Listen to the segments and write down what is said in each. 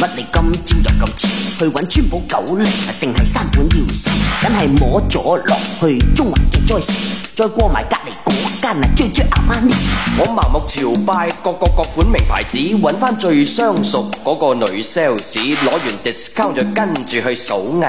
乜你今朝又咁遲去揾川久保玲定係山本耀司？梗係摸咗落去中環嘅 Joyce，再過埋隔離嗰間啊，最最阿媽嘢！我盲目朝拜各各各款名牌子，揾翻最相熟嗰個女 sales，攞完 discount 就跟住去數銀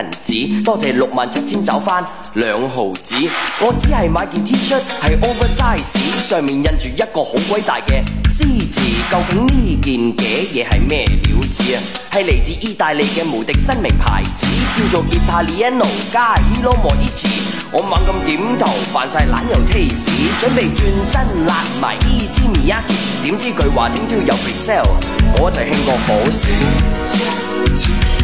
紙，多謝六萬七千走翻，兩毫子，我只係買件 T 恤，係 oversize，上面印住一個好鬼大嘅 C 字。究竟呢件嘅嘢係咩料子啊？係嚟自意大利嘅無敵新名牌子，子叫做 Giacinto Garullomucci。我猛咁點頭，扮晒懶又 taste，準備轉身甩埋 Easy Me One。點知佢話聽朝又 sell，我一齊過火燒